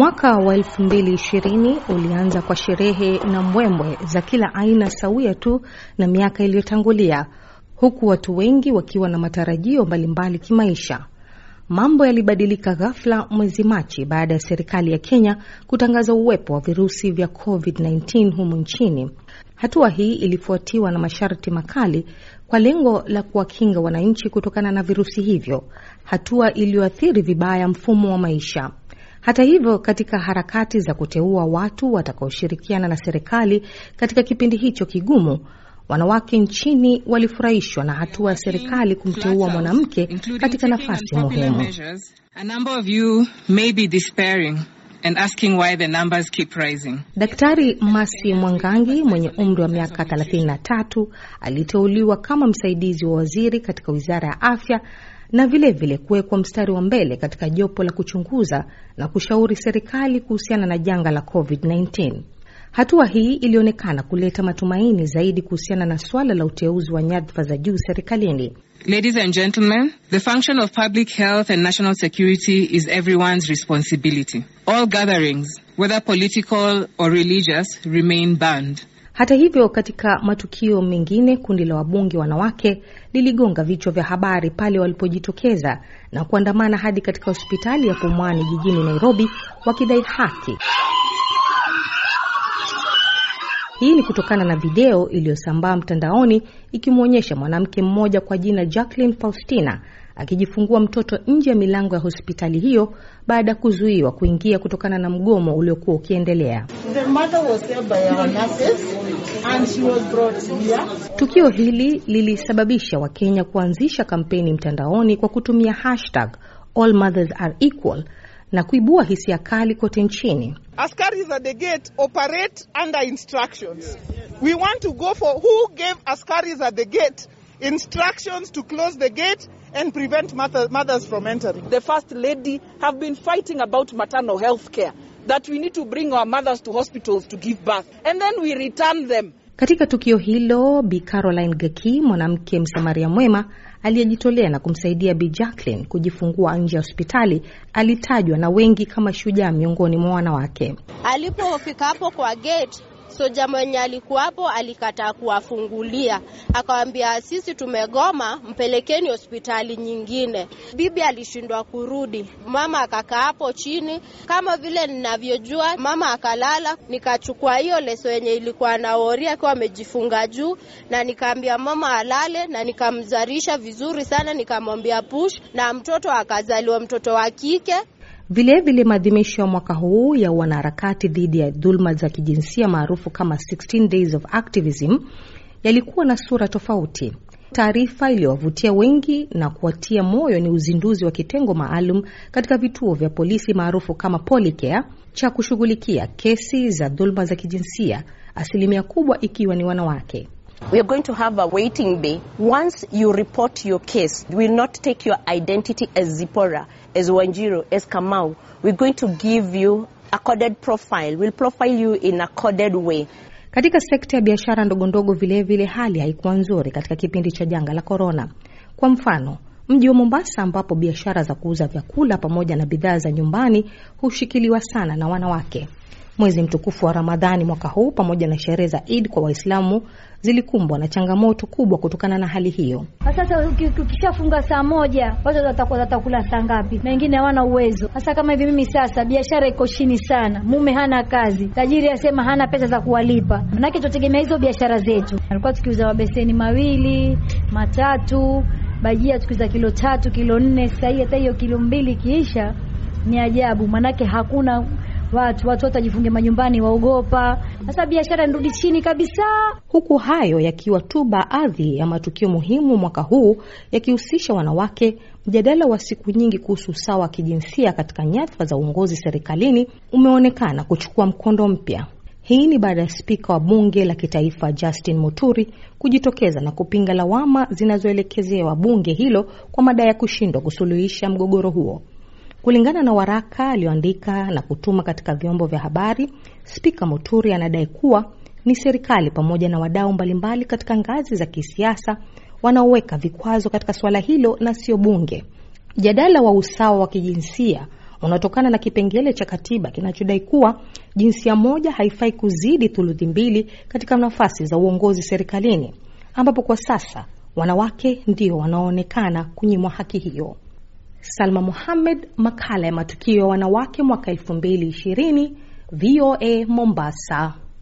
Mwaka wa 2020 ulianza kwa sherehe na mbwembwe za kila aina sawia tu na miaka iliyotangulia, huku watu wengi wakiwa na matarajio mbalimbali kimaisha. Mambo yalibadilika ghafla mwezi Machi baada ya serikali ya Kenya kutangaza uwepo wa virusi vya COVID-19 humu nchini. Hatua hii ilifuatiwa na masharti makali kwa lengo la kuwakinga wananchi kutokana na virusi hivyo, hatua iliyoathiri vibaya mfumo wa maisha. Hata hivyo, katika harakati za kuteua watu watakaoshirikiana na serikali katika kipindi hicho kigumu, wanawake nchini walifurahishwa na hatua ya serikali kumteua mwanamke katika nafasi muhimu. And asking why the numbers keep rising. Daktari Masi Mwangangi mwenye umri wa miaka 33 aliteuliwa kama msaidizi wa waziri katika Wizara ya Afya na vilevile kuwekwa mstari wa mbele katika jopo la kuchunguza na kushauri serikali kuhusiana na janga la COVID-19. Hatua hii ilionekana kuleta matumaini zaidi kuhusiana na swala la uteuzi wa nyadhifa za juu serikalini. Ladies and gentlemen, the function of public health and national security is everyone's responsibility. All gatherings, whether political or religious, remain banned. Hata hivyo, katika matukio mengine, kundi la wabunge wanawake liligonga vichwa vya habari pale walipojitokeza na kuandamana hadi katika hospitali ya Pumwani jijini Nairobi wakidai haki. Hii ni kutokana na video iliyosambaa mtandaoni ikimwonyesha mwanamke mmoja kwa jina Jacqueline Faustina akijifungua mtoto nje ya milango ya hospitali hiyo baada ya kuzuiwa kuingia kutokana na mgomo uliokuwa ukiendelea. The mother was there by our nurses and she was brought here. Tukio hili lilisababisha Wakenya kuanzisha kampeni mtandaoni kwa kutumia hashtag all mothers are equal na kuibua hisia kali kote nchini. the gate operate under instructions. We want to go for who gave the gate instructions to close the gate and prevent mothers from entering. The first lady have been fighting about maternal health care that we need to bring our mothers to hospitals to give birth and then we return them. Katika tukio hilo Bi Caroline Geki, mwanamke msamaria mwema aliyejitolea na kumsaidia Bi Jacqueline kujifungua nje ya hospitali, alitajwa na wengi kama shujaa miongoni mwa wanawake. Alipofika hapo kwa gate, So jamaa mwenye alikuwapo alikataa kuwafungulia, akawambia sisi tumegoma, mpelekeni hospitali nyingine. Bibi alishindwa kurudi, mama akakaa hapo chini kama vile ninavyojua. Mama akalala, nikachukua hiyo leso yenye ilikuwa na akiwa amejifunga juu, na nikaambia mama alale, na nikamzarisha vizuri sana, nikamwambia push, na mtoto akazaliwa, mtoto wa kike. Vilevile, maadhimisho ya mwaka huu ya wanaharakati dhidi ya dhuluma za kijinsia maarufu kama 16 Days of Activism yalikuwa na sura tofauti. Taarifa iliyowavutia wengi na kuwatia moyo ni uzinduzi wa kitengo maalum katika vituo vya polisi maarufu kama Policare cha kushughulikia kesi za dhuluma za kijinsia, asilimia kubwa ikiwa ni wanawake. We are going to have a waiting bay. Once you report your case, we will not take your identity as Zipora, as Wanjiro, as Kamau. We're going to give you a coded profile. We'll profile you in a coded way. Katika sekta ya biashara ndogo ndogondogo vilevile, hali haikuwa nzuri katika kipindi cha janga la korona. Kwa mfano mji wa Mombasa ambapo biashara za kuuza vyakula pamoja na bidhaa za nyumbani hushikiliwa sana na wanawake. Mwezi mtukufu wa Ramadhani mwaka huu pamoja na sherehe za Eid kwa Waislamu zilikumbwa na changamoto kubwa kutokana na hali hiyo. Sasa ukishafunga saa moja, watu watakuwa watakula saa ngapi? Na wengine hawana uwezo. Sasa kama hivi mimi sasa biashara iko chini sana, mume hana kazi, tajiri asema hana pesa za kuwalipa, manake tutegemea hizo biashara zetu. Alikuwa tukiuza mabeseni mawili matatu, bajia tukiuza kilo tatu kilo nne. Sasa hii hata hiyo kilo mbili kiisha ni ajabu, manake hakuna watu watu watajifunge majumbani, waogopa. Sasa biashara nirudi chini kabisa. Huku hayo yakiwa tu baadhi ya matukio muhimu mwaka huu yakihusisha wanawake, mjadala wa siku nyingi kuhusu usawa wa kijinsia katika nyadhifa za uongozi serikalini umeonekana kuchukua mkondo mpya. Hii ni baada ya spika wa bunge la kitaifa Justin Muturi kujitokeza na kupinga lawama zinazoelekezewa bunge hilo kwa madai ya kushindwa kusuluhisha mgogoro huo. Kulingana na waraka aliyoandika na kutuma katika vyombo vya habari, Spika Muturi anadai kuwa ni serikali pamoja na wadau mbalimbali katika ngazi za kisiasa wanaoweka vikwazo katika suala hilo na sio bunge. Mjadala wa usawa wa kijinsia unaotokana na kipengele cha katiba kinachodai kuwa jinsia moja haifai kuzidi thuluthi mbili katika nafasi za uongozi serikalini, ambapo kwa sasa wanawake ndio wanaoonekana kunyimwa haki hiyo. Salma Mohamed, makala ya matukio ya wanawake mwaka 2020, VOA Mombasa.